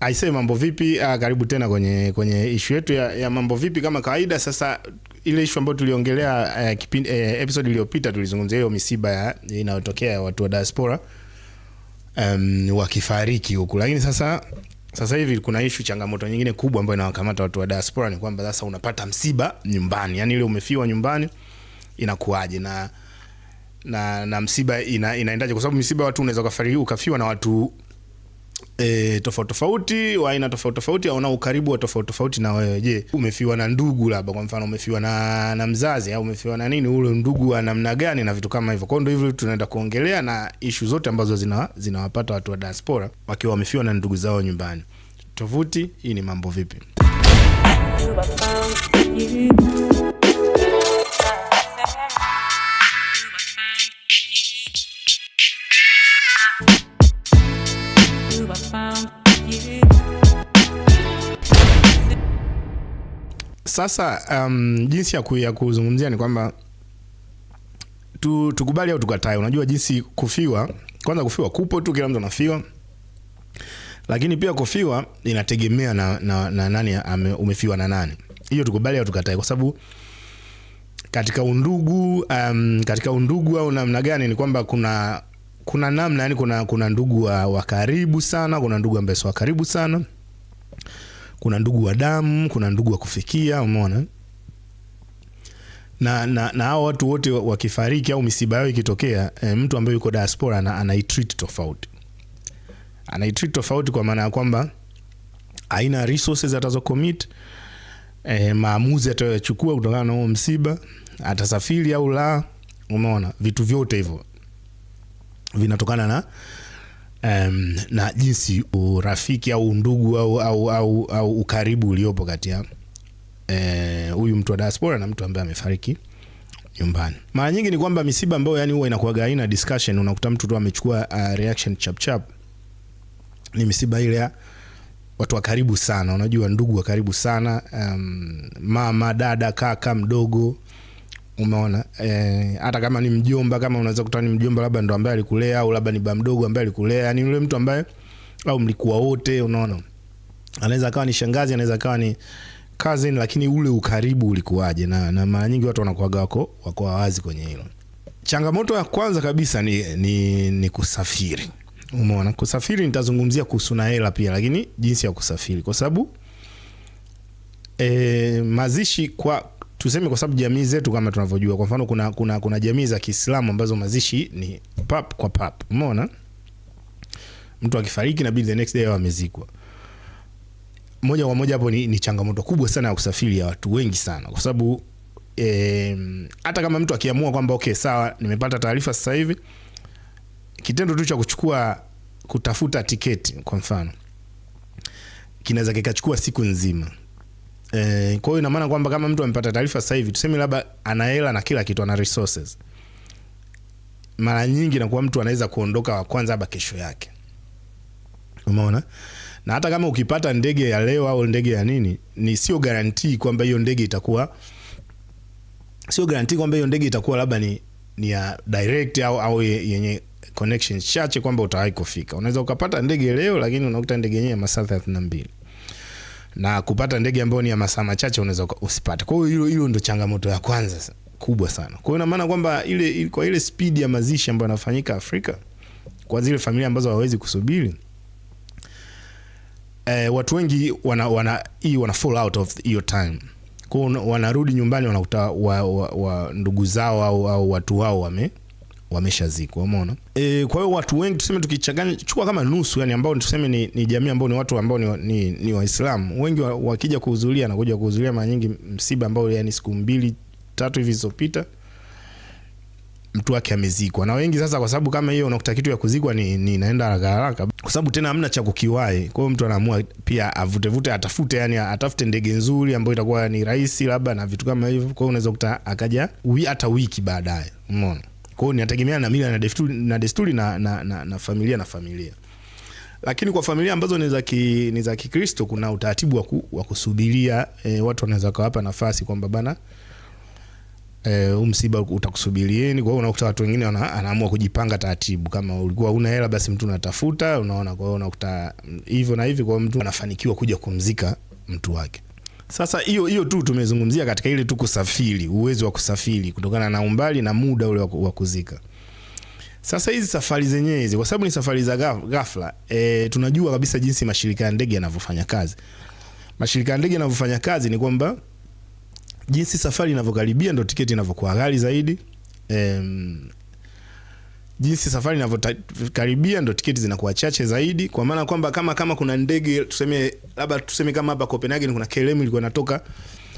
Aise, mambo vipi? Uh, karibu tena kwenye kwenye ishu yetu ya, ya mambo vipi kama kawaida. Sasa ile ishu ambayo tuliongelea uh, eh, kipindi uh, eh, episode iliyopita tulizungumzia hiyo misiba ya inayotokea ya watu wa diaspora um, wakifariki huku, lakini sasa sasa hivi kuna ishu, changamoto nyingine kubwa ambayo inawakamata watu wa diaspora ni kwamba sasa unapata msiba nyumbani, yani ile umefiwa nyumbani inakuwaje na na, na msiba ina, inaendaje? Kwa sababu msiba watu unaweza ukafariki ukafiwa na watu e, tofauti tofauti wa aina tofauti tofauti au na ukaribu wa tofauti tofauti na wewe. Je, umefiwa na ndugu labda kwa mfano umefiwa na, na mzazi au umefiwa na nini, ule ndugu wa namna gani na vitu kama hivyo. Kwa ndo hivyo tunaenda kuongelea na ishu zote ambazo zina zinawapata watu wa diaspora wakiwa wamefiwa na ndugu zao nyumbani. Tovuti hii ni Mambo Vipi. Sasa um, jinsi ya, ku, ya kuzungumzia ni kwamba tu, tukubali au tukatae. Unajua jinsi kufiwa, kwanza kufiwa kupo tu, kila mtu anafiwa, lakini pia kufiwa inategemea na, na, na nani ame, umefiwa na nani. Hiyo tukubali au tukatae, kwa sababu katika undugu um, katika undugu au namna gani, ni kwamba kuna kuna namna yani, kuna, kuna ndugu wa, wa karibu sana, kuna ndugu ambaye si wa karibu sana kuna ndugu wa damu, kuna ndugu wa kufikia, umeona na na, na hao watu wote wakifariki au misiba yao ikitokea, e, mtu ambaye yuko diaspora ana treat tofauti, treat tofauti kwa maana ya kwamba aina resources atazo commit e, maamuzi atayochukua kutokana na huo msiba, atasafiri au la, umeona vitu vyote hivyo vinatokana na um, na jinsi urafiki au undugu au, au, au, au ukaribu uliopo kati ya eh, huyu e, mtu wa diaspora na mtu ambaye amefariki nyumbani. Mara nyingi ni kwamba misiba ambayo yani huwa inakuwaga haina discussion, unakuta mtu tu amechukua uh, reaction chap chap, ni misiba ile ya watu wa karibu sana, unajua ndugu wa karibu sana um, mama, dada, kaka mdogo Umeona eh, hata kama ni mjomba, kama unaweza kutana ni mjomba labda ndo ambaye alikulea au labda ni ba mdogo ambaye alikulea, yani yule mtu ambaye au mlikuwa wote, unaona, anaweza akawa ni shangazi, anaweza kawa ni cousin, lakini ule ukaribu ulikuwaje? Na, na mara nyingi watu wanakuaga wako wako wazi kwenye hilo. Changamoto ya kwanza kabisa ni, ni, ni kusafiri. Umeona, kusafiri nitazungumzia kuhusu na hela pia, lakini jinsi ya kusafiri kwa sababu e, mazishi kwa tuseme, kwa sababu jamii zetu kama tunavyojua, kwa mfano kuna, kuna, kuna jamii za Kiislamu ambazo mazishi ni pap kwa pap, umeona mtu akifariki na the next day awe amezikwa moja kwa moja. Hapo ni, ni changamoto kubwa sana ya kusafiri ya watu wengi sana, kwa sababu hata e, kama mtu akiamua kwamba okay, sawa nimepata taarifa sasa hivi, kitendo tu cha kuchukua kutafuta tiketi kwa mfano kinaweza kikachukua siku nzima. Eh, kwa hiyo ina maana kwamba kama mtu amepata taarifa sasa hivi, tuseme labda ana hela na kila kitu, ana resources, mara nyingi nakuwa mtu anaweza kuondoka wa kwanza hapa kesho yake, umeona. Na hata kama ukipata ndege ya leo au ndege ya nini, ni sio garantii kwamba hiyo ndege itakuwa, sio garantii kwamba hiyo ndege itakuwa labda ni ni ya direct au au yenye connection chache kwamba utawahi kufika. Unaweza ukapata ndege leo, lakini unakuta ndege yenyewe masaa 32 na kupata ndege ambayo ni ya masaa machache unaweza usipate. Kwa hiyo hilo ndo ndio changamoto ya kwanza kubwa sana. Kwa hiyo maana kwamba ile kwa ile speed ya mazishi ambayo yanafanyika Afrika kwa zile familia ambazo hawawezi kusubiri eh, watu wengi wana wana hii wana fall out of your time. Kwa hiyo wanarudi nyumbani wanakuta wa, wa, wa ndugu zao au, au watu wao wame wameshazikwa umeona. E, kwa hiyo watu wengi tuseme, tukichanganya chukua kama nusu yani, ambao tuseme ni, ni jamii ambao ni watu ambao ni, ni, ni Waislamu wengi wa, wakija kuhudhuria na kuja kuhudhuria mara nyingi msiba ambao yani siku mbili tatu hivi zilizopita mtu wake amezikwa, na wengi sasa, kwa sababu kama hiyo unakuta kitu ya kuzikwa ni, ni naenda haraka haraka, kwa sababu tena hamna cha kukiwai. Kwa hiyo mtu anaamua pia avutevute, atafute yani, atafute ndege nzuri ambayo itakuwa ni rahisi labda na vitu kama hivyo. Kwa hiyo unaweza kuta akaja hata wiki baadaye, umeona kwao hiyo inategemeana na mila na desturi na desturi na, na, na, na familia na familia. Lakini kwa familia ambazo ni za ni za Kikristo kuna utaratibu wa wa kusubiria e, watu wanaweza kawapa nafasi kwamba bana e, msiba utakusubirieni. Kwa hiyo unakuta watu wengine anaamua kujipanga taratibu, kama ulikuwa una hela basi mtu unatafuta, unaona. Kwa hiyo unakuta mm, hivyo na hivi, kwa mtu anafanikiwa kuja kumzika mtu wake. Sasa hiyo hiyo tu tumezungumzia katika ile tu kusafiri, uwezo wa kusafiri kutokana na umbali na muda ule wa kuzika. Sasa hizi safari zenyewe hizi, kwa sababu ni safari za ghafla, e, tunajua kabisa jinsi mashirika ya ndege yanavyofanya kazi. Mashirika ya ndege yanavyofanya kazi ni kwamba jinsi safari inavyokaribia ndo tiketi inavyokuwa ghali zaidi. E, jinsi safari inavyokaribia ndo tiketi zinakuwa chache zaidi, kwa maana kwamba kama kama kuna ndege tuseme labda tuseme kama hapa Copenhagen kuna KLM ilikuwa inatoka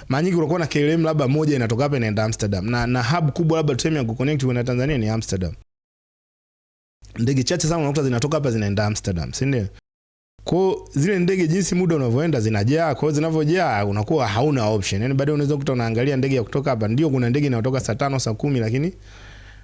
mara nyingi unakuwa na KLM labda moja inatoka hapa inaenda Amsterdam, na na hub kubwa labda tuseme ya kuconnect kwenda Tanzania ni Amsterdam. Ndege chache sana unakuta zinatoka hapa zinaenda Amsterdam, si ndio? Kwa zile ndege jinsi muda unavyoenda zinajaa, kwa hiyo zinavyojaa unakuwa hauna option. yani baadaye unaweza kukuta unaangalia ndege ya kutoka hapa, ndio kuna ndege inayotoka saa tano saa kumi lakini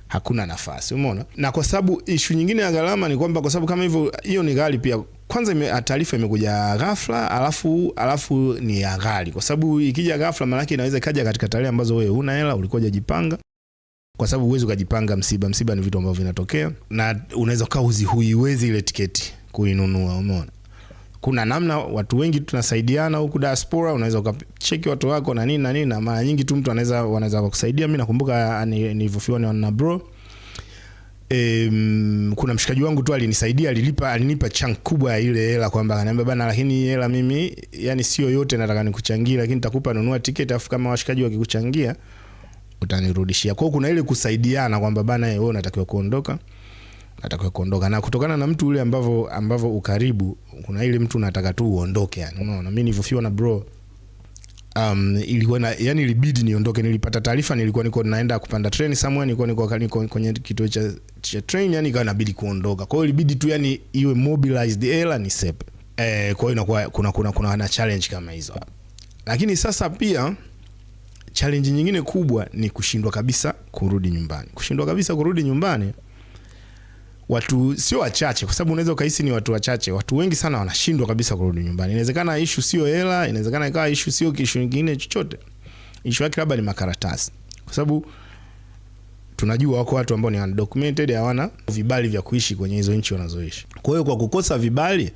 hakuna nafasi, umeona. Na kwa sababu ishu nyingine ya gharama ni kwamba kwa sababu kama hivyo hiyo ni ghali pia. Kwanza taarifa imekuja ghafla, alafu alafu ni ya ghali, kwa sababu ikija ghafla, maanake inaweza ikaja katika tarehe ambazo wewe una hela, ulikuwa hujajipanga kwa sababu huwezi ukajipanga. Msiba msiba ni vitu ambavyo vinatokea, na unaweza ukawa huiwezi ile tiketi kuinunua, umeona kuna namna watu wengi tunasaidiana huku diaspora, unaweza ukacheki watu wako na nini na nini, na mara nyingi tu mtu anaweza wanaweza kukusaidia. Mimi nakumbuka nilivyofiwa ah, ni na bro Um, kuna mshikaji wangu tu alinisaidia, alilipa alinipa chunk kubwa ya ile hela, kwamba ananiambia bana, lakini hela mimi yani sio yote nataka nikuchangie, lakini nitakupa nunua tiketi, afu kama washikaji wakikuchangia utanirudishia. Kwa hiyo kuna ile kusaidiana kwamba bana, wewe unatakiwa kuondoka natakiwa kuondoka, na kutokana na mtu ule ambavyo ambavyo ukaribu, kuna ile mtu nataka tu uondoke, yani unaona, mimi nilivyofiwa na bro um, ilikuwa na, yani ilibidi niondoke. Nilipata taarifa, nilikuwa niko naenda kupanda train somewhere, nilikuwa niko niko kwenye kituo cha, cha train, yani ikawa inabidi kuondoka. Kwa hiyo ilibidi tu yani iwe mobilized ela ni sepe eh, kwa hiyo inakuwa kuna kuna kuna na challenge kama hizo, lakini sasa pia challenge nyingine kubwa ni kushindwa kabisa kurudi nyumbani, kushindwa kabisa kurudi nyumbani watu sio wachache, kwa sababu unaweza ukahisi ni watu wachache. Watu wengi sana wanashindwa kabisa kurudi nyumbani. Inawezekana ishu sio hela, inawezekana ikawa ishu sio kishu kingine chochote, ishu yake labda ni makaratasi, kwa sababu tunajua wako watu ambao ni undocumented, hawana vibali vya kuishi kwenye hizo nchi wanazoishi. Kwa hiyo kwa kukosa vibali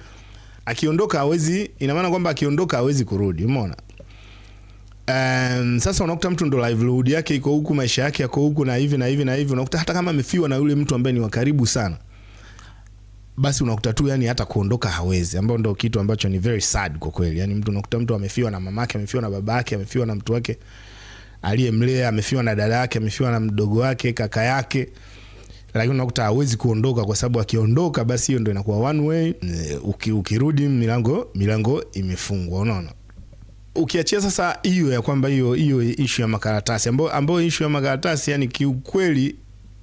akiondoka hawezi, ina maana kwamba akiondoka hawezi kurudi, umeona? Um, sasa unakuta mtu ndo live load yake iko huku, maisha yake yako huku na hivi na hivi na hivi, unakuta hata kama amefiwa na yule mtu ambaye ni wa karibu sana, basi unakuta tu yani hata kuondoka hawezi, ambao ndo kitu ambacho ni very sad kwa kweli. Yani mtu unakuta mtu amefiwa na mamake, amefiwa na babake, amefiwa na mtu wake aliyemlea, amefiwa na dada yake, amefiwa na mdogo wake, kaka yake, lakini unakuta hawezi kuondoka, kwa sababu akiondoka, basi hiyo ndo inakuwa one way. Uki, ukirudi milango milango imefungwa, unaona ukiachia sasa hiyo ya kwamba hiyo hiyo issue ya makaratasi ambayo ambayo issue ya makaratasi yani kiukweli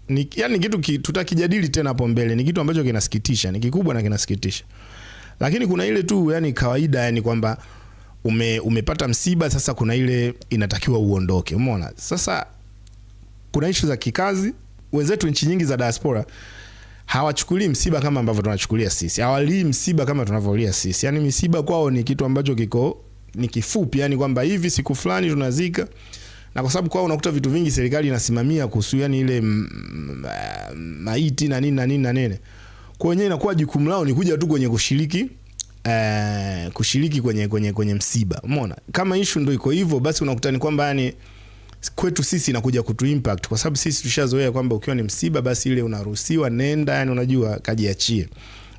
ni yani kitu ki, tutakijadili tena hapo mbele, ni kitu ambacho kinasikitisha, ni kikubwa na kinasikitisha, lakini kuna ile tu yani kawaida yani kwamba ume, umepata msiba sasa, kuna ile inatakiwa uondoke, umeona sasa. Kuna issue za kikazi, wenzetu nchi nyingi za diaspora hawachukulii msiba kama ambavyo tunachukulia sisi, hawalii msiba kama tunavyolia sisi, yani misiba kwao ni kitu ambacho kiko ni kifupi, yani kwamba hivi siku fulani tunazika na kwa sababu kwao unakuta vitu vingi serikali inasimamia kuhusu yani ile mm, mm, ah, maiti na nini na nini na nene. Kwa wenyewe inakuwa jukumu lao ni kuja tu kwenye kushiriki uh, kushiriki kwenye kwenye kwenye msiba. Umeona? Kama issue ndio iko hivyo basi unakuta ni kwamba yani kwetu sisi inakuja kutu impact kwa sababu sisi tushazoea kwamba ukiwa ni msiba basi ile unaruhusiwa nenda, yani unajua kajiachie.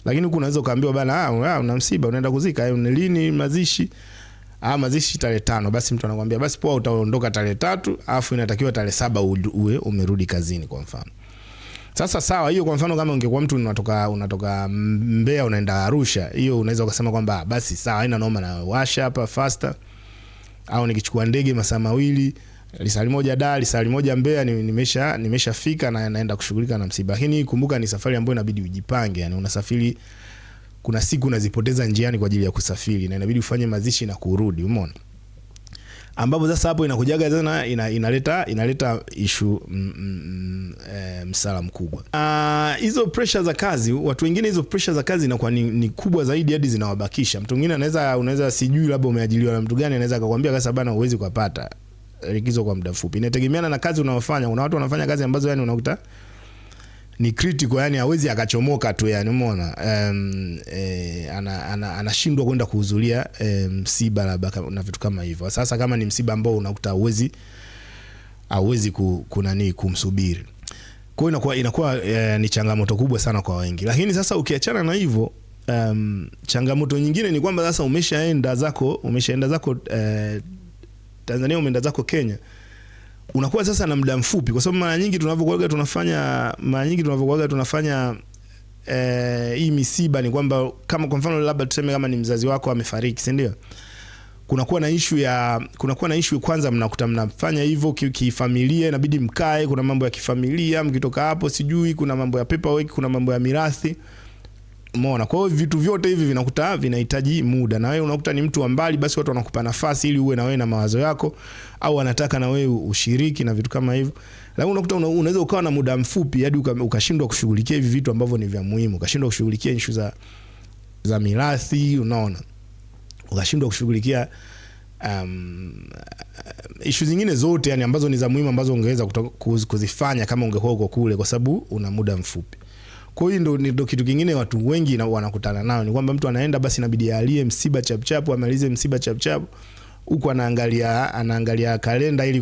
Lakini huku unaweza ukaambiwa bana, ah, ah una msiba unaenda kuzika, ni lini mazishi? ah, mazishi tarehe tano, basi mtu anakwambia basi poa, utaondoka tarehe tatu, afu inatakiwa tarehe saba uwe umerudi kazini, kwa mfano. Sasa sawa, hiyo kwa mfano kama ungekuwa mtu unatoka unatoka Mbeya unaenda Arusha, hiyo unaweza ukasema kwamba ah, basi sawa, haina noma na washa hapa faster, au nikichukua ndege masaa mawili lisali moja Dar, lisali moja Mbeya, nimesha nimeshafika na naenda kushughulika na msiba. Lakini kumbuka ni safari ambayo inabidi ujipange, yani unasafiri kuna siku unazipoteza njiani kwa ajili ya kusafiri na inabidi ufanye mazishi na kurudi, umeona? Ambapo sasa hapo inakujaga tena ina, inaleta inaleta ishu mm, mm, mm, eh, msala mkubwa. Ah, hizo uh, pressure za kazi, watu wengine hizo pressure za kazi inakuwa ni, ni kubwa zaidi hadi zinawabakisha. Mtu mwingine anaweza unaweza sijui labda umeajiliwa na mtu gani anaweza akakwambia kasa bana huwezi kupata likizo kwa muda mfupi. Inategemeana na kazi unayofanya. Kuna watu wanafanya kazi ambazo yani unakuta ni critical, yani hawezi akachomoka tu, yani umeona um, e, anashindwa ana, ana kwenda kuhudhuria e, msiba labda na vitu kama hivyo. Sasa kama ni msiba ambao unakuta hawezi hauwezi kunani kumsubiri, kwa hiyo inakuwa inakuwa e, ni changamoto kubwa sana kwa wengi, lakini sasa ukiachana na hivyo um, changamoto nyingine ni kwamba sasa umeshaenda zako umeshaenda zako e, Tanzania umeenda zako Kenya unakuwa sasa na muda mfupi, kwa sababu mara nyingi tunavyokuaga tunafanya mara nyingi tunavyokuaga tunafanya eh, hii misiba ni kwamba kama kwa mfano labda tuseme kama ni mzazi wako amefariki, si ndio? Kunakuwa na issue ya kunakuwa na issue kwanza, mnakuta mnafanya hivyo kifamilia, inabidi mkae, kuna mambo ya kifamilia, mkitoka hapo sijui kuna mambo ya paperwork, kuna mambo ya mirathi Umeona? Kwa hiyo vitu vyote hivi vinakuta vinahitaji muda, na wewe unakuta ni mtu wa mbali, basi watu wanakupa nafasi ili uwe na wewe na mawazo yako, au wanataka na wewe ushiriki na vitu kama hivyo. Lakini unakuta unaweza ukawa na muda mfupi hadi ukashindwa uka kushughulikia hivi vitu ambavyo ni vya muhimu, ukashindwa kushughulikia issue za za mirathi, unaona, ukashindwa kushughulikia um, ishu zingine zote yani ambazo ni za muhimu ambazo ungeweza kuzifanya kama ungekuwa uko kule, kwa sababu una muda mfupi. Kwa hiyo ndo ndo kitu kingine watu wengi na wanakutana nayo ni kwamba mtu anaenda basi inabidi alie msiba chapchapu, amalize msiba chapchapu huku anaangalia anaangalia kalenda ili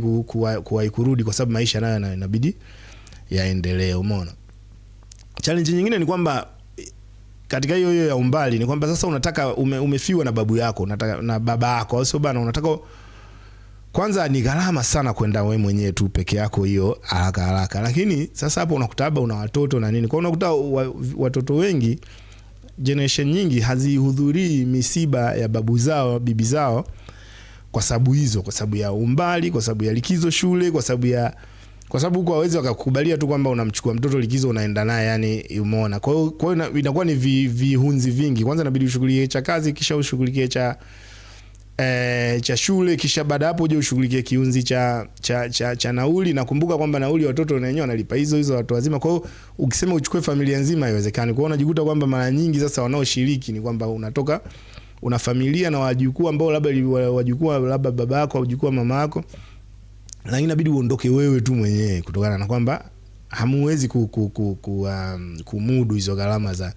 kuwahi kurudi, kwa sababu maisha nayo inabidi yaendelee. Umeona, challenge nyingine ni kwamba katika hiyo hiyo ya umbali ni kwamba sasa unataka ume, umefiwa na babu yako unataka, na baba yako au sio bana, unataka kwanza ni gharama sana kwenda wewe mwenyewe tu peke yako hiyo haraka haraka, lakini sasa hapo unakuta labda una watoto na nini, kwa unakuta watoto wengi, generation nyingi hazihudhurii misiba ya babu zao bibi zao kwa sababu hizo, kwa sababu ya umbali, kwa sababu ya likizo shule, kwa sababu ya kwa sababu huko hawezi wakakubalia tu kwamba unamchukua mtoto likizo unaenda naye, yani umeona. Kwa hiyo inakuwa ni vihunzi vi vingi. Kwanza inabidi ushughulikie cha kazi, kisha ushughulikie cha e, cha shule, kisha baada hapo uje ushughulikie kiunzi cha, cha, cha, cha nauli. Nakumbuka kwamba nauli ya watoto na wenyewe wanalipa hizo hizo watu wazima, kwa hiyo ukisema uchukue familia nzima haiwezekani. Kwa hiyo unajikuta kwamba mara nyingi sasa wanaoshiriki ni kwamba unatoka una familia na wajukuu ambao labda wajukuu labda baba yako au wajukuu mama yako, lakini inabidi uondoke wewe tu mwenyewe kutokana na kwamba hamuwezi ku, ku, ku, ku, um, kumudu hizo gharama za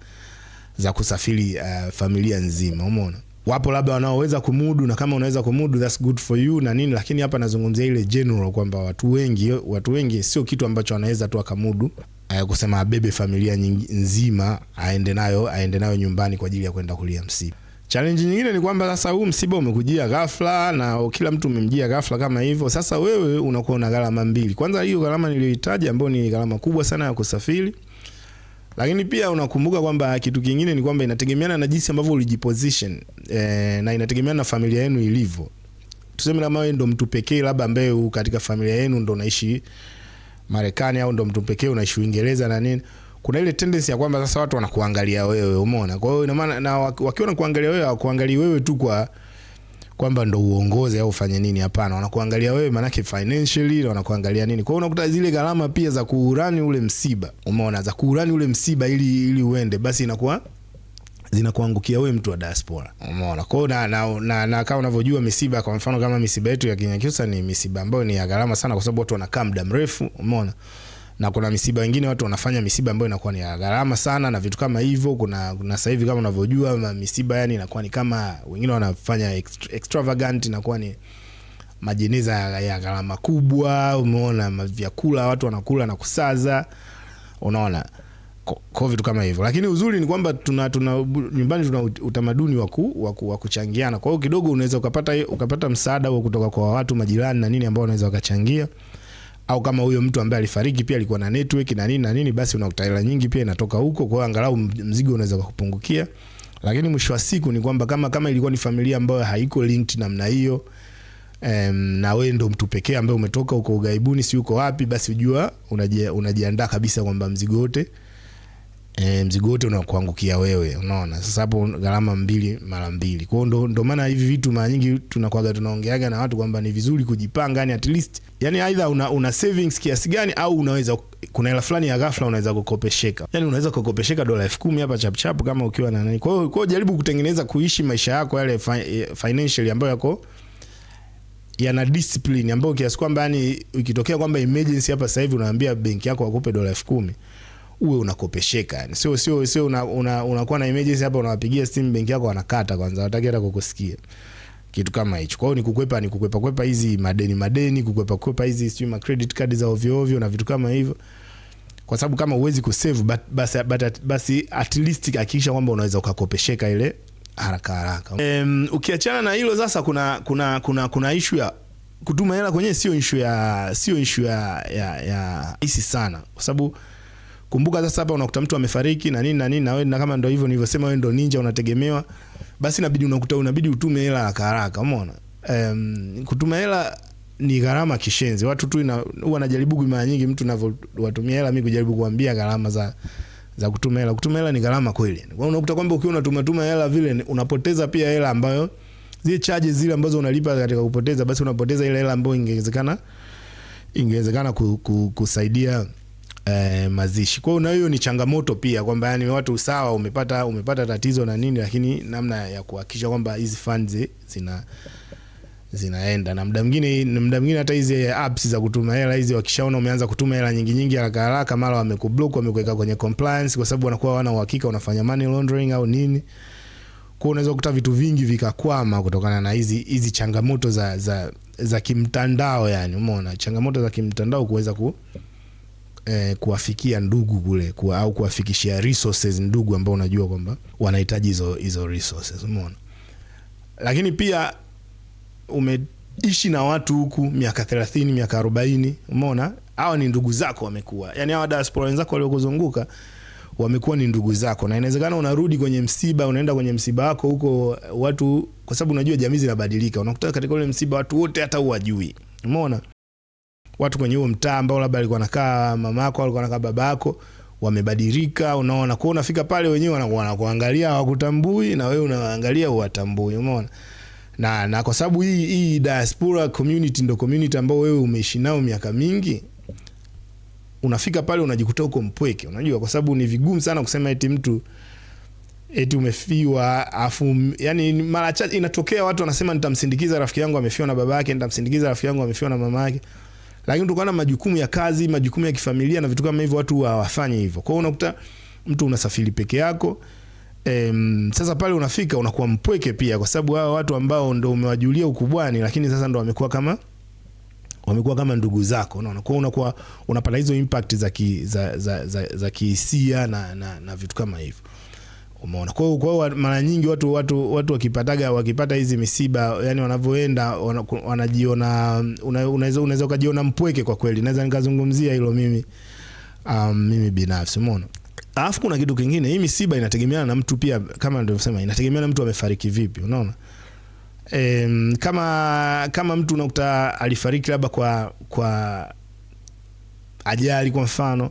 za kusafiri uh, familia nzima, umeona wapo labda wanaoweza kumudu, na kama unaweza kumudu that's good for you na nini, lakini hapa nazungumzia ile general kwamba watu wengi, watu wengi sio kitu ambacho wanaweza tu akamudu eh, kusema abebe familia nyingi, nzima aende nayo aende nayo nyumbani kwa ajili ya kwenda kulia msiba. Challenge nyingine ni kwamba sasa huu msiba umekujia ghafla na kila mtu umemjia ghafla kama hivyo. Sasa wewe unakuwa una gharama mbili. Kwanza hiyo gharama niliyoitaja ambayo ni gharama kubwa sana ya kusafiri lakini pia unakumbuka kwamba kitu kingine ni kwamba inategemeana na jinsi ambavyo ulijiposition e, na inategemeana na familia yenu ilivyo. Tuseme kama wewe ndo mtu pekee labda ambaye katika familia yenu ndo unaishi Marekani au ndo mtu pekee unaishi Uingereza na nini, kuna ile tendency ya kwamba sasa watu wanakuangalia wewe, umeona. Kwa hiyo ina maana na wakiwa wanakuangalia wewe, hawakuangalii wewe tu kwa kwamba ndo uongoze au ufanye nini. Hapana, wanakuangalia wewe manake financially, wanakuangalia nini. Kwa hiyo unakuta zile gharama pia za kuurani ule msiba, umeona, za kuurani ule msiba ili ili uende, basi inakuwa zinakuangukia wewe mtu wa diaspora, umeona. Kwa hiyo na, na, na, na kama unavyojua misiba, kwa mfano kama misiba yetu ya Kinyakyusa ni misiba ambayo ni ya gharama sana, kwa sababu watu wanakaa muda mrefu, umeona na kuna misiba wengine watu wanafanya misiba ambayo inakuwa ni gharama sana na vitu kama hivyo. Kuna, kuna sasa hivi kama unavyojua misiba yani inakuwa ni kama wengine wanafanya extra, extravagant inakuwa ni majeneza ya gharama kubwa, umeona, vyakula watu wanakula na kusaza, unaona kwa vitu kama hivyo, lakini uzuri ni kwamba tuna tuna nyumbani tuna utamaduni wa wa kuchangiana. Kwa hiyo kidogo unaweza ukapata ukapata msaada huo kutoka kwa watu majirani na nini ambao wanaweza wakachangia au kama huyo mtu ambaye alifariki pia alikuwa na network na nini na nini, basi unakuta hela nyingi pia inatoka huko. Kwa hiyo angalau mzigo unaweza kupungukia. lakini mwisho wa siku ni kwamba kama kama ilikuwa ni familia ambayo haiko linked namna hiyo Um, na wewe ndo mtu pekee ambaye umetoka huko ugaibuni, si uko wapi, basi ujua unajiandaa kabisa kwamba mzigo wote e, mzigo wote unakuangukia wewe, unaona. Sasa hapo gharama mbili mara mbili. kwao, ndo, ndo maana hivi vitu mara nyingi tunakwaga tunaongeaga na watu kwamba ni vizuri kujipanga, yani at least, yani aidha una, una savings kiasi gani, au unaweza kuna hela fulani ya ghafla unaweza kukopesheka, yani unaweza kukopesheka dola elfu kumi hapa chapchap kama ukiwa na nani. Kwa hiyo kwa jaribu kutengeneza kuishi maisha yako yale e, financial ambayo yako yana discipline ambayo kiasi kwamba yani ikitokea kwamba emergency hapa sasa hivi unaambia benki yako wakupe dola elfu kumi uwe unakopesheka yani, sio sio sio unakuwa una, una na emergency hapa, unawapigia simu benki yako wanakata kwanza, wataki hata kukusikia kitu kama hicho. Kwa hiyo ni kukwepa ni kukwepa kwepa hizi madeni madeni, kukwepa kwepa hizi sio ma credit card za ovyo ovyo na vitu kama hivyo, kwa sababu kama huwezi kusave basi but, basi at least hakikisha kwamba unaweza ukakopesheka ile haraka haraka. Um, ukiachana na hilo sasa, kuna kuna kuna kuna issue ya kutuma hela kwenye, sio issue ya sio issue ya ya, ya hisi sana kwa sababu Kumbuka sasa hapa unakuta mtu amefariki na nini na nini, na wewe kama ndio hivyo nilivyosema, wewe ndio ninja unategemewa, basi inabidi unakuta unabidi utume hela haraka haraka, umeona. Um, kutuma hela ni gharama kishenzi. Watu tu ina, huwa najaribu mara nyingi mtu navyowatumia hela mimi kujaribu kuambia gharama za za kutuma hela. Kutuma hela ni gharama kweli. Kwa hiyo unakuta kwamba ukiwa unatuma tuma hela vile unapoteza pia hela ambayo zile charges zile ambazo unalipa katika kupoteza, basi unapoteza ile hela ambayo ingewezekana ingewezekana kusaidia ku, eh, mazishi. Kwa hiyo na hiyo ni changamoto pia kwamba yani watu sawa, umepata umepata tatizo na nini, lakini namna ya kuhakikisha kwamba hizi funds zina zinaenda na muda mwingine, muda mwingine hata hizi eh, apps za kutuma hela hizi, wakishaona umeanza kutuma hela nyingi nyingi haraka haraka, mara wamekublock, wamekuweka kwenye compliance, kwa sababu wanakuwa wana uhakika unafanya money laundering au nini. Kwa unaweza kukuta vitu vingi vikakwama kutokana na hizi hizi changamoto za za za kimtandao, yani umeona changamoto za kimtandao kuweza ku eh, kuwafikia ndugu kule kuwa, au kuwafikishia resources ndugu ambao unajua kwamba wanahitaji hizo hizo resources, umeona. Lakini pia umeishi na watu huku miaka 30 miaka 40, umeona, hawa ni ndugu zako wamekuwa, yani hawa diaspora wenzako waliokuzunguka wamekuwa ni ndugu zako, na inawezekana unarudi kwenye msiba, unaenda kwenye msiba wako huko, watu kwa sababu unajua jamii zinabadilika, unakuta katika ule msiba watu wote hata uwajui, umeona watu kwenye huo mtaa ambao labda alikuwa anakaa mamako, alikuwa anakaa babako wamebadilika, unaona. Kwa unafika pale wenyewe wanakuangalia hawakutambui, na wewe unawaangalia uwatambui, umeona na, na kwa sababu hii hii diaspora community ndo community ambayo wewe umeishi nao miaka mingi, unafika pale unajikuta uko mpweke, unajua, kwa sababu ni vigumu sana kusema eti mtu eti umefiwa afu, yani mara chache inatokea watu wanasema nitamsindikiza rafiki yangu amefiwa na baba yake, nitamsindikiza rafiki yangu amefiwa na mama yake lakini kutokana na majukumu ya kazi, majukumu ya kifamilia na vitu kama hivyo, watu hawafanyi hivyo. Kwa hiyo unakuta mtu unasafiri peke yako. Um, sasa pale unafika unakuwa mpweke pia, kwa sababu hawa watu ambao ndo umewajulia ukubwani, lakini sasa ndo wamekuwa kama wamekuwa kama ndugu zako, unaona. Kwa hiyo unakuwa unapata hizo impact za ki, za, za, za, za kihisia na, na, na vitu kama hivyo. Umeona? Kwa hiyo mara nyingi watu watu watu wakipataga wakipata hizi misiba, yani wanavyoenda wanajiona, unaweza unaweza ukajiona mpweke kwa kweli. Naweza nikazungumzia hilo mimi um, mimi binafsi, umeona. Alafu kuna kitu kingine, hii misiba inategemeana na mtu pia, kama nilivyosema, inategemeana na mtu amefariki vipi, unaona. E, kama kama mtu unakuta alifariki labda kwa kwa ajali kwa mfano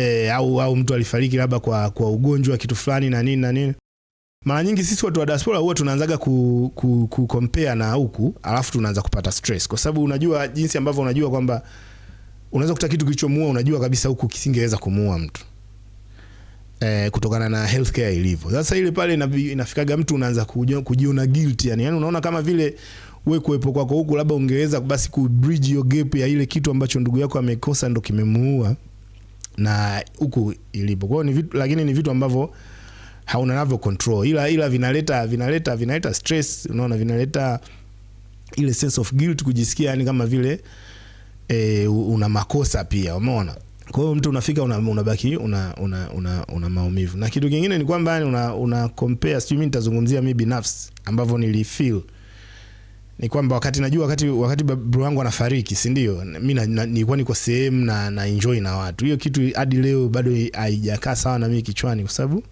e, au, au mtu alifariki labda kwa, kwa ugonjwa kitu fulani na nini na nini. Mara nyingi sisi watu wa diaspora huwa tunaanzaga ku, ku, ku compare na huku, alafu tunaanza kupata stress kwa sababu unajua jinsi ambavyo unajua kwamba unaweza kuta kitu kilichomuua, unajua kabisa huku kisingeweza kumuua mtu eh, kutokana na healthcare ilivyo sasa. Ile pale inafikaga mtu unaanza kujiona guilty yani, yani unaona kama vile we kuwepo kwako huku labda ungeweza basi ku bridge hiyo gap ya ile kitu ambacho ndugu yako amekosa ndo kimemuua na huku ilipo. kwao ni vitu, lakini ni vitu ambavyo hauna navyo control, ila ila vinaleta vinaleta vinaleta stress, unaona, vinaleta ile sense of guilt, kujisikia yani kama vile e, una makosa pia, umeona. Kwa hiyo mtu unafika unabaki una, una, una, una maumivu. Na kitu kingine ni kwamba yani una, una compare, sijui mimi nitazungumzia mimi binafsi ambavyo nilifeel ni kwamba wakati najua wakati wakati bro wangu anafariki, si ndio? Mimi nilikuwa niko sehemu na na enjoy na watu. Hiyo kitu hadi leo bado haijakaa sawa na mimi kichwani, kwa sababu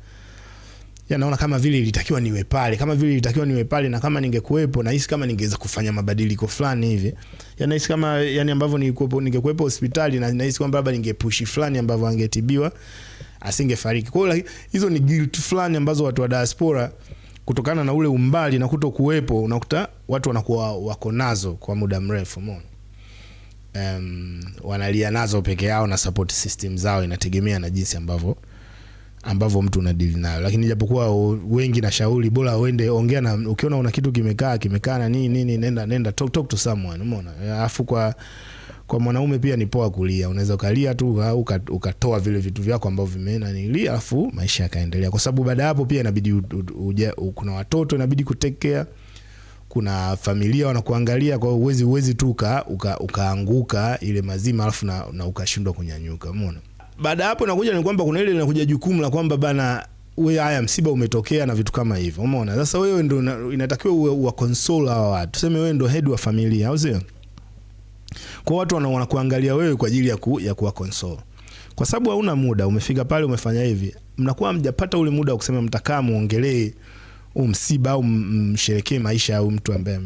ya naona kama vile ilitakiwa niwe pale, kama vile ilitakiwa niwe pale, na kama ningekuwepo, nahisi kama ningeweza kufanya mabadiliko fulani hivi. Ya nahisi kama yani ambavyo nilikuwepo, ningekuwepo hospitali na nahisi kwamba labda ningepushi fulani ambavyo angetibiwa asingefariki. Kwa hiyo hizo ni guilt fulani ambazo watu wa diaspora kutokana na ule umbali na kuto kuwepo, unakuta watu wanakuwa wako nazo kwa muda mrefu mon um, wanalia nazo peke yao, na support system zao inategemea na jinsi ambavyo ambavyo mtu unadili nayo, lakini japokuwa wengi na shauri bora uende ongea na, ukiona una kitu kimekaa kimekaa na nini nini, nenda nenda talk talk to someone, umeona. Alafu kwa kwa mwanaume pia ni poa kulia, unaweza ukalia tu au ukatoa vile vitu vyako ambavyo vimenanilia, afu maisha yakaendelea, kwa sababu baada hapo pia inabidi kuna watoto inabidi kutekea, kuna familia wanakuangalia. Kwa hiyo uwezi uwezi tu uka, ukaanguka ile mazima alafu na, na ukashindwa kunyanyuka, umeona. Baada hapo nakuja ni kwamba kuna ile inakuja jukumu la kwamba bana wewe haya, msiba umetokea na vitu kama hivyo, umeona. Sasa wewe ndio inatakiwa uwa console hawa watu, tuseme wewe ndio head wa familia, au sio? Kwa watu wanakuangalia wewe kwa ajili ya, ku, ya kuwa console. Kwa sababu hauna muda, umefika pale umefanya hivi, mnakuwa mjapata ule muda wa kusema mtakaa muongelee umsiba au msherekee maisha ya mtu ambaye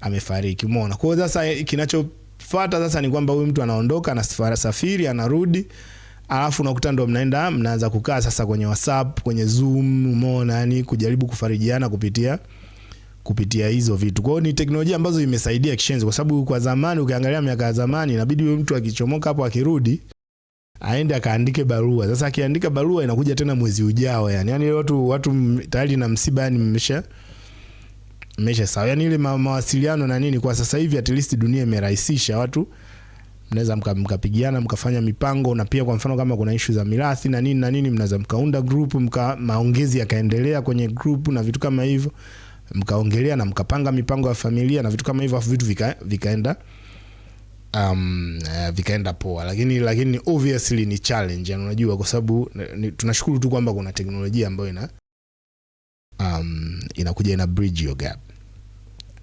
amefariki. Umeona? Kwa hiyo sasa eh, kinachofuata sasa ni kwamba huyu mtu anaondoka, anasafiri, anarudi alafu unakuta ndo mnaenda mnaanza kukaa sasa kwenye WhatsApp, kwenye Zoom, umeona, yani kujaribu kufarijiana kupitia kupitia hizo vitu. Kwa hiyo ni teknolojia ambazo imesaidia exchange, kwa sababu kwa zamani ukiangalia miaka ya zamani inabidi yule mtu akichomoka hapo akirudi aende akaandike barua. Sasa akiandika barua inakuja tena mwezi ujao yani. Yani watu watu tayari na msiba yani mmesha mmesha sawa. Yani ile ma, mawasiliano na nini kwa sasa hivi at least dunia imerahisisha watu mnaweza mkapigiana mka mkafanya mipango na pia kwa mfano kama kuna issue za mirathi na nini na nini, mnaweza mkaunda group mka maongezi yakaendelea kwenye group na vitu kama hivyo mkaongelea na mkapanga mipango ya familia na vitu kama hivyo, vitu vika, vikaenda um, uh, vikaenda poa, lakini lakini obviously ni challenge, unajua kwa sababu tunashukuru tu kwamba kuna teknolojia ambayo ina um, inakuja ina bridge your gap.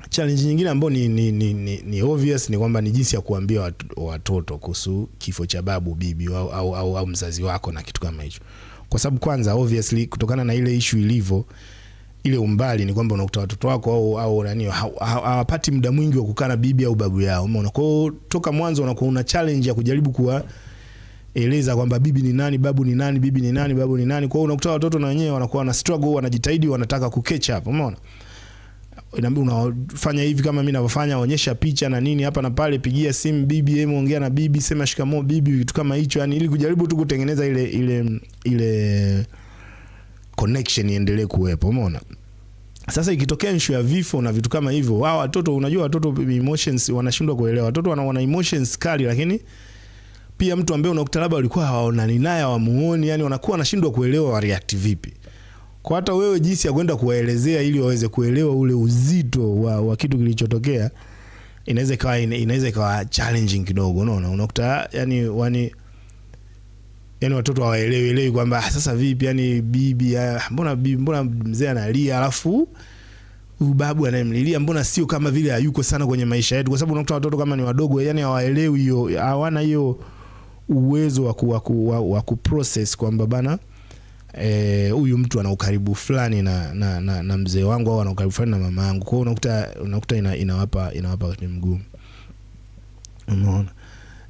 Challenge nyingine ambayo ni, ni, ni, ni, ni obvious ni kwamba ni jinsi ya kuambia watoto kuhusu kifo cha babu bibi au, au, au, au mzazi wako na kitu kama hicho, kwa sababu kwanza obviously kutokana na ile issue ilivyo ile umbali ni kwamba unakuta watoto wako au au nani hawapati muda mwingi wa kukaa na bibi au babu yao, umeona. Kwa hiyo toka mwanzo unakuwa una challenge ya kujaribu kuwa eleza kwamba bibi ni nani, babu ni nani, bibi ni nani, babu ni nani. Kwa hiyo unakuta watoto na wenyewe wanakuwa na struggle, wanajitahidi, wanataka ku catch up, umeona. Inaambia unafanya hivi kama mimi ninavyofanya, onyesha picha na nini hapa na pale, pigia simu bibi, hebu ongea na bibi, sema shikamoo bibi, vitu kama hicho, yani ili kujaribu tu kutengeneza ile ile ile connection iendelee kuwepo, umeona. Sasa ikitokea nshu ya vifo na vitu kama hivyo, wao watoto, unajua watoto emotions wanashindwa kuelewa. Watoto wana, wana emotions kali, lakini pia mtu ambaye unakuta labda walikuwa hawaonani naye hawamuoni, yani wanakuwa wanashindwa kuelewa wa react vipi. Kwa hata wewe jinsi ya kwenda kuwaelezea ili waweze kuelewa ule uzito wa, wa kitu kilichotokea inaweza ikawa inaweza ikawa challenging kidogo, unaona, unakuta yani wani yani watoto hawaelewi kwamba ah, sasa vipi, yani bibi, ah, mbona bibi, mbona mzee analia alafu babu anayemlilia mbona sio kama vile hayuko sana kwenye maisha yetu, kwa sababu unakuta watoto kama ni wadogo, yani hawaelewi hiyo, hawana hiyo uwezo wa ku, wa ku, process kwamba bana eh, huyu e, mtu ana ukaribu fulani na, na, na, na mzee wangu au ana ukaribu fulani na mama yangu. Kwa hiyo unakuta unakuta inawapa inawapa wakati mgumu, unaona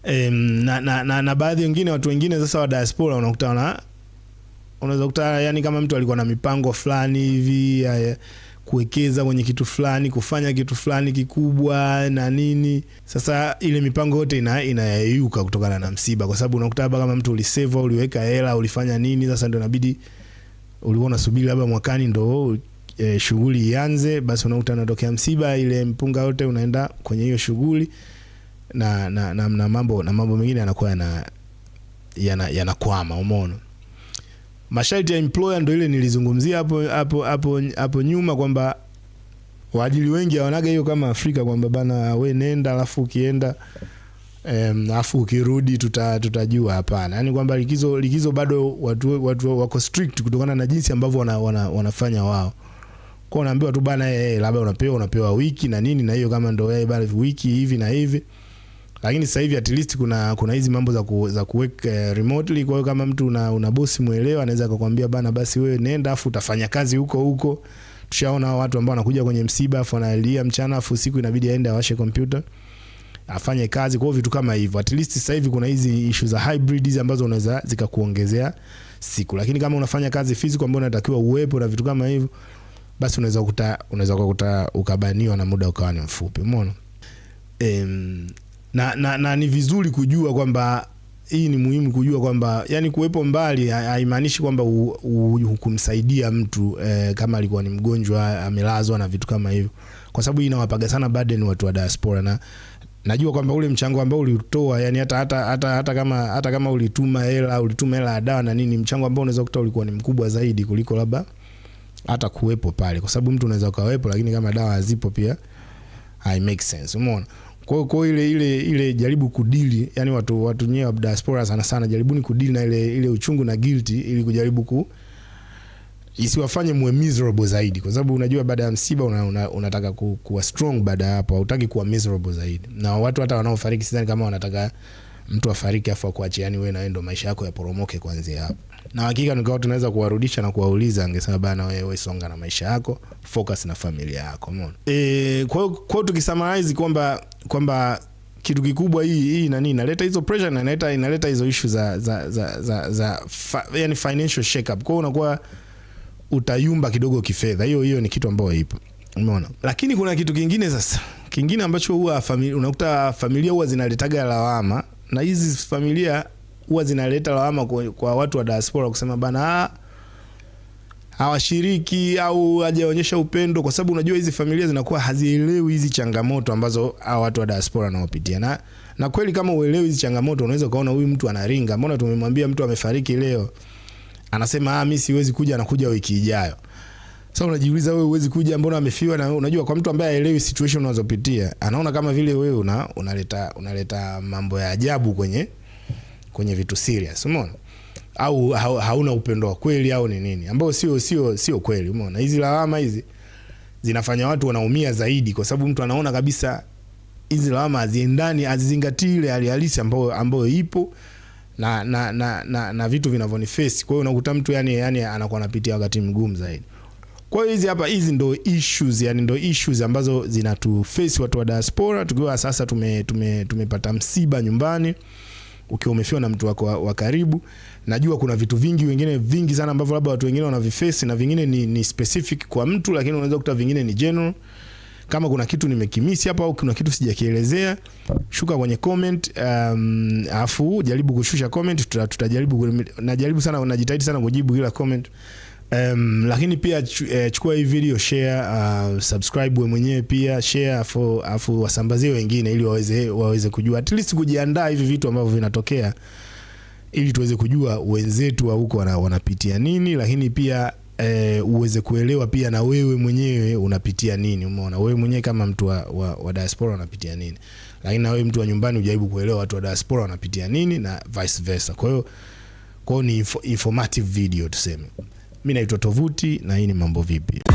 em, na, na, na, na baadhi wengine watu wengine sasa wa diaspora unakutana na unaweza kutana yani kama mtu alikuwa na mipango fulani hivi kuwekeza kwenye kitu fulani kufanya kitu fulani kikubwa na nini. Sasa ile mipango yote ina kutokana na msiba, kwa sababu unakuta labda kama mtu uliseva, uliweka hela, ulifanya nini, sasa ndio inabidi ulikuwa unasubiri labda mwakani ndo e, shughuli ianze, basi unakuta unatokea msiba, ile mpunga yote unaenda kwenye hiyo shughuli na, na, na, na mambo na mambo mengine yanakuwa yana yanakwama yana umeona masharti ya employer ndio ile nilizungumzia hapo hapo hapo hapo nyuma kwamba waajili wengi hawanaga hiyo kama Afrika kwamba bana we nenda alafu ukienda alafu um, ukirudi tuta, tutajua. Hapana, yani kwamba likizo likizo bado watu, watu wako strict kutokana na jinsi ambavyo wana, wana, wanafanya wao kwa unaambiwa tu bana, hey, eh, eh, labda unapewa unapewa wiki na nini na hiyo kama ndo hey, eh, bana wiki hivi na hivi lakini sasa hivi at least kuna kuna hizi mambo za ku, za kuwek uh, eh, remotely. Kwa hiyo kama mtu una, una bosi mwelewa anaweza akakwambia bana, basi wewe nenda afu utafanya kazi huko huko. Tushaona watu ambao wanakuja kwenye msiba afu analia mchana afu usiku inabidi aende awashe kompyuta afanye kazi. Kwa hiyo vitu kama hivyo, at least sasa hivi kuna hizi issue za hybrid hizi ambazo unaweza zikakuongezea siku, lakini kama unafanya kazi physical ambayo unatakiwa uwepo na vitu kama hivyo, basi unaweza kukuta unaweza kukuta ukabaniwa na muda ukawa ni mfupi, umeona na, na, na ni vizuri kujua kwamba hii ni muhimu kujua kwamba yani kuwepo mbali haimaanishi kwamba hukumsaidia mtu eh, kama alikuwa ni mgonjwa amelazwa na vitu kama hivyo, kwa sababu hii inawapaga sana burden watu wa diaspora na najua kwamba ule mchango ambao ulitoa yani hata, hata, hata, hata, kama, hata kama ulituma hela ulituma hela ya dawa na nini, mchango ambao unaweza kuta ulikuwa ni mkubwa zaidi kuliko labda hata kuwepo pale, kwa sababu mtu unaweza ukawepo, lakini kama dawa hazipo pia I make sense, umeona. Kwa ile ile ile jaribu kudili, yani watu watu nyewe wa diaspora sana sana jaribuni kudili na ile ile uchungu na guilt ili kujaribu ku isiwafanye muwe miserable zaidi, kwa sababu unajua baada ya msiba una, una, unataka ku, kuwa strong baada ya hapo, hautaki kuwa miserable zaidi. Na watu hata wanaofariki sidhani kama wanataka mtu afariki afu akuachiani wewe nawe ndo maisha yako yaporomoke kwanzia hapo. Na hakika nikawa tunaweza kuwarudisha na kuwauliza, angesema bana, wewe songa na maisha yako, focus na familia yako, mona e, Kwa hiyo kwa kwamba kwamba kitu kikubwa hii hii nani inaleta hizo pressure na inaleta inaleta hizo issue za za za za, za fa, yani financial shake up. kwao unakuwa utayumba kidogo kifedha, hiyo hiyo ni kitu ambayo ipo, umeona. Lakini kuna kitu kingine sasa, kingine ambacho huwa familia unakuta familia huwa zinaletaga lawama na hizi familia huwa zinaleta lawama kwa, kwa watu wa diaspora kusema bana ah, hawashiriki au hajaonyesha upendo, kwa sababu unajua hizi familia zinakuwa hazielewi hizi changamoto ambazo hawa watu wa diaspora wanaopitia na, na kweli kama uelewi hizi changamoto unaweza ukaona huyu mtu anaringa, mbona tumemwambia mtu amefariki leo, anasema ah, mimi siwezi kuja, anakuja wiki ijayo. Sasa unajiuliza wewe uwezi kuja, mbona amefiwa? Na unajua kwa mtu ambaye haelewi situation unazopitia anaona kama vile wewe una unaleta unaleta mambo ya ajabu kwenye kwenye vitu serious, umeona au hauna upendo wa kweli au ni nini, ambao sio sio sio kweli. Umeona hizi lawama hizi zinafanya watu wanaumia zaidi, kwa sababu mtu anaona kabisa hizi lawama haziendani, hazizingatii ile hali halisi ambayo ambayo ipo na na na, na, na vitu vinavyoniface. Kwa hiyo unakuta mtu yani yani anakuwa anapitia wakati mgumu zaidi. Kwa hiyo hizi hapa, hizi ndo issues, yani ndo issues ambazo zinatu face watu wa diaspora, tukiwa sasa tume, tume, tumepata msiba nyumbani ukiwa umefiwa na mtu wako wa wa karibu. Najua kuna vitu vingi wengine vingi sana ambavyo labda watu wengine wanaviface na vingine ni, ni specific kwa mtu, lakini unaweza kukuta vingine ni general. Kama kuna kitu nimekimisi hapa au kuna kitu sijakielezea, shuka kwenye comment, um, afu jaribu kushusha comment, tutajaribu tuta, najaribu sana, najitahidi sana kujibu kila comment. Um, lakini pia ch eh, chukua hii video share, uh, subscribe wewe mwenyewe pia share, afu afu wasambazie wengine ili waweze waweze kujua at least kujiandaa hivi vitu ambavyo vinatokea ili tuweze kujua wenzetu wa huko wanapitia nini, lakini pia eh, uweze kuelewa pia na wewe mwenyewe unapitia nini. Umeona wewe mwenyewe kama mtu wa, wa, wa diaspora unapitia nini, lakini na wewe mtu wa nyumbani ujaribu kuelewa watu wa diaspora wanapitia nini na vice versa. Kwa hiyo kwa ni inf informative video tuseme. Mimi naitwa Tovuti na hii ni Mambo Vipi.